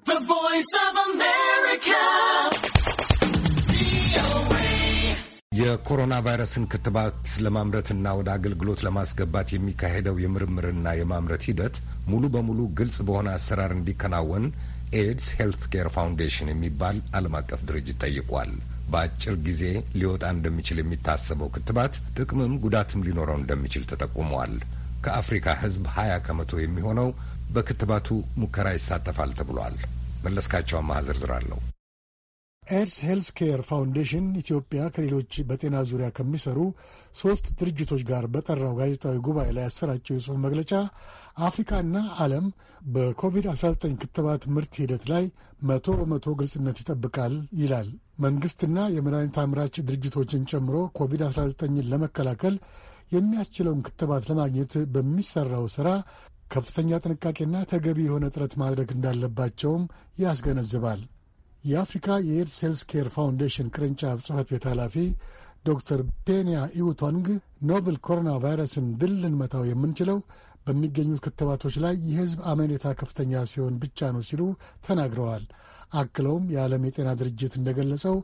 The Voice of America. የኮሮና ቫይረስን ክትባት ለማምረትና ወደ አገልግሎት ለማስገባት የሚካሄደው የምርምርና የማምረት ሂደት ሙሉ በሙሉ ግልጽ በሆነ አሰራር እንዲከናወን ኤድስ ሄልት ኬር ፋውንዴሽን የሚባል ዓለም አቀፍ ድርጅት ጠይቋል። በአጭር ጊዜ ሊወጣ እንደሚችል የሚታሰበው ክትባት ጥቅምም ጉዳትም ሊኖረው እንደሚችል ተጠቁመዋል። ከአፍሪካ ሕዝብ ሀያ ከመቶ የሚሆነው በክትባቱ ሙከራ ይሳተፋል ተብሏል። መለስካቸው አማሃ ዝርዝር አለው። ኤድስ ሄልስ ኬር ፋውንዴሽን ኢትዮጵያ ከሌሎች በጤና ዙሪያ ከሚሰሩ ሶስት ድርጅቶች ጋር በጠራው ጋዜጣዊ ጉባኤ ላይ ያሰራቸው የጽሑፍ መግለጫ አፍሪካና ዓለም በኮቪድ-19 ክትባት ምርት ሂደት ላይ መቶ በመቶ ግልጽነት ይጠብቃል ይላል። መንግሥትና የመድኃኒት አምራች ድርጅቶችን ጨምሮ ኮቪድ-19ን ለመከላከል የሚያስችለውን ክትባት ለማግኘት በሚሠራው ሥራ ከፍተኛ ጥንቃቄና ተገቢ የሆነ ጥረት ማድረግ እንዳለባቸውም ያስገነዝባል። የአፍሪካ የኤድስ ሄልስ ኬር ፋውንዴሽን ቅርንጫፍ ጽህፈት ቤት ኃላፊ ዶክተር ፔንያ ኢውቶንግ ኖቨል ኮሮና ቫይረስን ድል ልንመታው የምንችለው በሚገኙት ክትባቶች ላይ የህዝብ አመኔታ ከፍተኛ ሲሆን ብቻ ነው ሲሉ ተናግረዋል። አክለውም የዓለም የጤና ድርጅት እንደገለጸው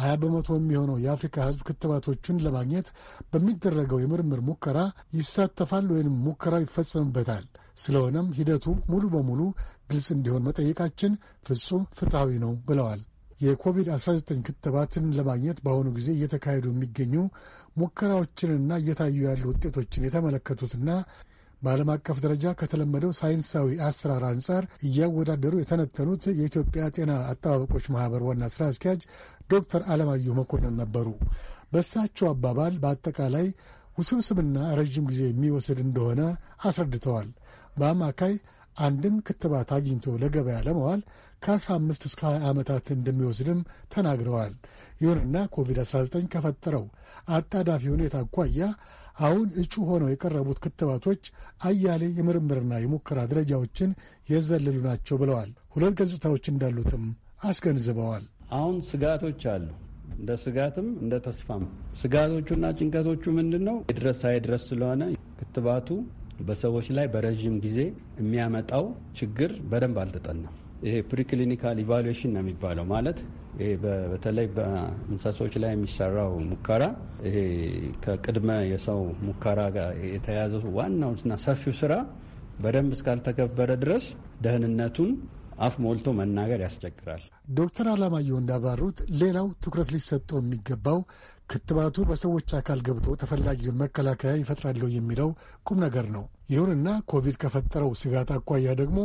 ሀያ በመቶ የሚሆነው የአፍሪካ ህዝብ ክትባቶቹን ለማግኘት በሚደረገው የምርምር ሙከራ ይሳተፋል ወይም ሙከራው ይፈጸምበታል። ስለሆነም ሂደቱ ሙሉ በሙሉ ግልጽ እንዲሆን መጠየቃችን ፍጹም ፍትሐዊ ነው ብለዋል። የኮቪድ-19 ክትባትን ለማግኘት በአሁኑ ጊዜ እየተካሄዱ የሚገኙ ሙከራዎችንና እየታዩ ያሉ ውጤቶችን የተመለከቱትና በዓለም አቀፍ ደረጃ ከተለመደው ሳይንሳዊ አሰራር አንጻር እያወዳደሩ የተነተኑት የኢትዮጵያ ጤና አጠባበቆች ማህበር ዋና ስራ አስኪያጅ ዶክተር አለማየሁ መኮንን ነበሩ። በእሳቸው አባባል በአጠቃላይ ውስብስብና ረዥም ጊዜ የሚወስድ እንደሆነ አስረድተዋል። በአማካይ አንድን ክትባት አግኝቶ ለገበያ ለመዋል ከ15 እስከ 20 ዓመታት እንደሚወስድም ተናግረዋል። ይሁንና ኮቪድ-19 ከፈጠረው አጣዳፊ ሁኔታ አኳያ አሁን እጩ ሆነው የቀረቡት ክትባቶች አያሌ የምርምርና የሙከራ ደረጃዎችን የዘለሉ ናቸው ብለዋል። ሁለት ገጽታዎች እንዳሉትም አስገንዝበዋል። አሁን ስጋቶች አሉ። እንደ ስጋትም እንደ ተስፋም ስጋቶቹና ጭንቀቶቹ ምንድን ነው? የድረስ አይድረስ ስለሆነ ክትባቱ በሰዎች ላይ በረዥም ጊዜ የሚያመጣው ችግር በደንብ አልተጠናም። ይሄ ፕሪክሊኒካል ኢቫሉዌሽን ነው የሚባለው። ማለት በተለይ በእንስሳዎች ላይ የሚሰራው ሙከራ ይሄ ከቅድመ የሰው ሙከራ ጋር የተያያዘ ዋናውና ሰፊው ስራ በደንብ እስካልተከበረ ድረስ ደህንነቱን አፍ ሞልቶ መናገር ያስቸግራል። ዶክተር አላማየሁ እንዳብራሩት ሌላው ትኩረት ሊሰጠው የሚገባው ክትባቱ በሰዎች አካል ገብቶ ተፈላጊውን መከላከያ ይፈጥራለሁ የሚለው ቁም ነገር ነው። ይሁንና ኮቪድ ከፈጠረው ስጋት አኳያ ደግሞ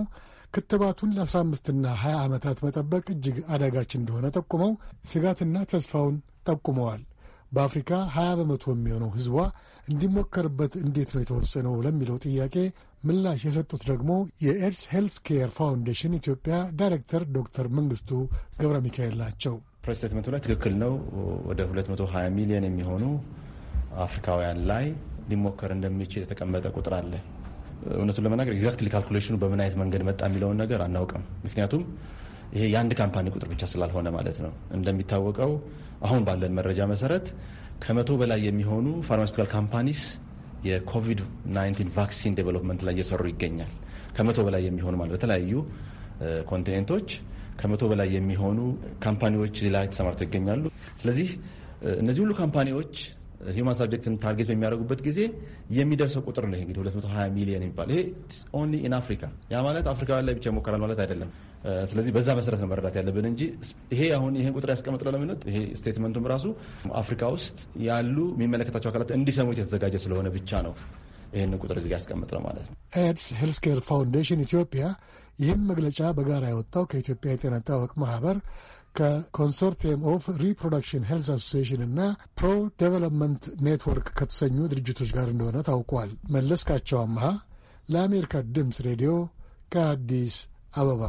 ክትባቱን ለ15ና 20 ዓመታት መጠበቅ እጅግ አዳጋች እንደሆነ ጠቁመው ስጋትና ተስፋውን ጠቁመዋል። በአፍሪካ 20 በመቶ የሚሆነው ህዝቧ እንዲሞከርበት እንዴት ነው የተወሰነው ለሚለው ጥያቄ ምላሽ የሰጡት ደግሞ የኤድስ ሄልስ ኬር ፋውንዴሽን ኢትዮጵያ ዳይሬክተር ዶክተር መንግስቱ ገብረ ሚካኤል ናቸው። ፕሬስ ስቴትመንቱ ላይ ትክክል ነው። ወደ 220 ሚሊዮን የሚሆኑ አፍሪካውያን ላይ ሊሞከር እንደሚችል የተቀመጠ ቁጥር አለ። እውነቱን ለመናገር ኤግዛክትሊ ካልኩሌሽኑ በምን አይነት መንገድ መጣ የሚለውን ነገር አናውቅም። ምክንያቱም ይሄ የአንድ ካምፓኒ ቁጥር ብቻ ስላልሆነ ማለት ነው። እንደሚታወቀው አሁን ባለን መረጃ መሰረት ከመቶ በላይ የሚሆኑ ፋርማሲቲካል ካምፓኒስ የኮቪድ 19 ቫክሲን ዴቨሎፕመንት ላይ እየሰሩ ይገኛል። ከመቶ በላይ የሚሆኑ ማለት በተለያዩ ኮንቲኔንቶች ከመቶ በላይ የሚሆኑ ካምፓኒዎች ሌላ ተሰማርተው ይገኛሉ። ስለዚህ እነዚህ ሁሉ ካምፓኒዎች ሂውማን ሳብጀክትን ታርጌት በሚያደርጉበት ጊዜ የሚደርሰው ቁጥር ነው። እንግዲህ 220 ሚሊዮን የሚባል ይሄ ኦንሊ ኢን አፍሪካ። ያ ማለት አፍሪካ ላይ ብቻ ይሞከራል ማለት አይደለም። ስለዚህ በዛ መሰረት ነው መረዳት ያለብን እንጂ ይሄ አሁን ይህን ቁጥር ያስቀመጥነው ለምነት ይሄ ስቴትመንቱም ራሱ አፍሪካ ውስጥ ያሉ የሚመለከታቸው አካላት እንዲሰሙት የተዘጋጀ ስለሆነ ብቻ ነው ይህን ቁጥር እዚህ ነው ማለት ነው። ኤድስ ሄልስኬር ፋውንዴሽን ኢትዮጵያ ይህም መግለጫ በጋራ ያወጣው ከኢትዮጵያ የጤና አጠባበቅ ማህበር ከኮንሶርቲየም ኦፍ ሪፕሮዳክሽን ሄልስ አሶሲሽን እና ፕሮ ዴቨሎፕመንት ኔትወርክ ከተሰኙ ድርጅቶች ጋር እንደሆነ ታውቋል። መለስካቸው አምሃ ለአሜሪካ ድምፅ ሬዲዮ ከአዲስ አበባ